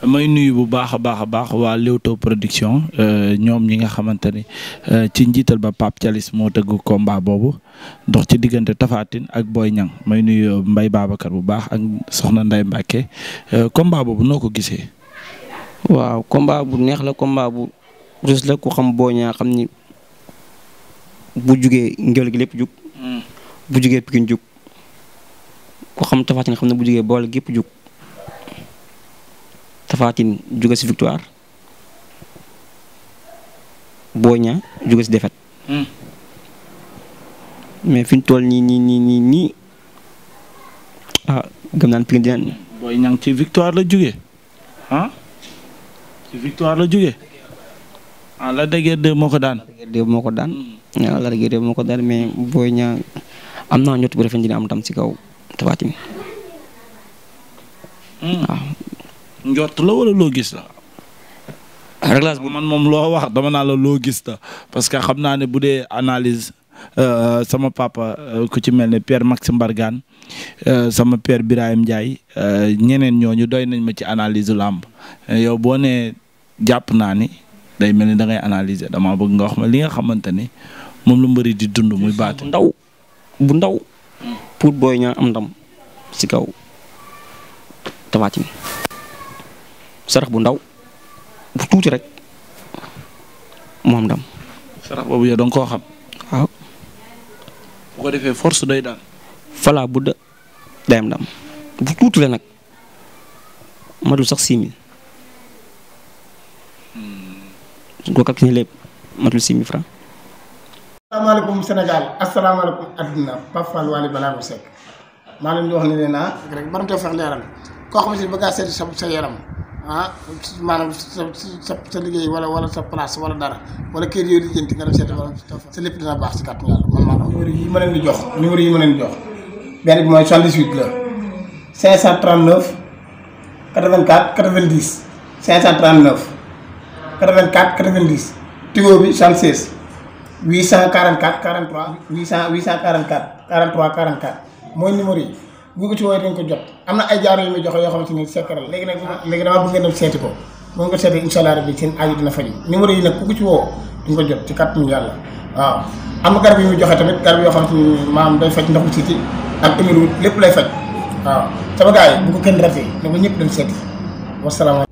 may nuyu bu baax a baax a baax waa Leewtoo production euh, ñoom ñi nga xamante ni euh, ci njiital ba Pape calis moo tëgg combat boobu dox ci diggante Tapha ak booy Niang may nuyu euh, mbay Babacar bu baax ak soxna Ndeye Mbacke combat boobu noo ko gisee. waaw combat bu neex la combat bu rus ku xam Boy Niang xam ni bu jugee ngel gi lépp jug. Hmm. bu jugee Pikine jug ku xam Tapha Tine xam ne bu jugee boole gépp jug. Tapha Tine jóge si victoire Boy Niang jóge si défaite. Hmm. mais fi ñu toll nii nii nii nii nii ah gëm naan Pikine dinañ. Boy Niang ci victoire la jóge ah la jóge ah, de moo ko daan. la ko daan. Hmm. Ah, la dëgër de moo ko daan mais Boy Niang am naa ñott bu rafet dina am tam si kaw Tapha waaw njort la wala loo gis la. réglage man moom loo wax dama naa loo gis la parce que xam naa ne bu dee analyse euh, sama papa euh, ku ci mel ne père Maxime Bargane euh, sama père Birahim Ndiaye ñeneen ñooñu doy nañ ma ci analyse làmb yow boo nee jàpp naa ni day mel ni dangay ngay dama damaa bëgg nga wax ma li nga xamante ni moom lu mbëri di dund muy baat. bu ndaw bu ndaw. pour booy ñaa am ndam si kaw Tapha sarax bu ndaw bu tuuti rek moom ndam. sarax boobu yow danga koo xam. waaw. bu ko defee force day daal. fala bu da ndam bu tuuti la nag matul sax six mille. su ko calculé lépp matul six mille franc. asalaamaaleykum Sénégal asalaamaaleykum adduna Pape maa leen di wax ne leen ah rek mën nga fex leeral koo xam ne si bëgg a seeti sa sa yaram. ah maanaam sa sa liggéey wala wala sa place wala dara wala kër yooyu lijjanti nga dem seet wala sa lépp dina baax si kàttan yàlla jox numéro yi ma leen di jox benn bi mooy 78 la 539 84 90 539 84 90 Tigo bi 76 844 43 800 844 43 44 mooy numéro yi. bu ko ci woowee dañ ko jot am na ay jaaro yu muy joxe yoo xamante ni secret léegi nag léegi damaa bëgg ngeen seeti ko bu nga seetee incha allah rabbi seen aaju dina faju am na garab yu muy joxe tamit garab yoo xamante ni maam day faj ndoxu siiti ak émiru lépp lay faj waaw sama gars bu ko kenn ratee ne ko ñëpp dem seeti wasalaamaaleykum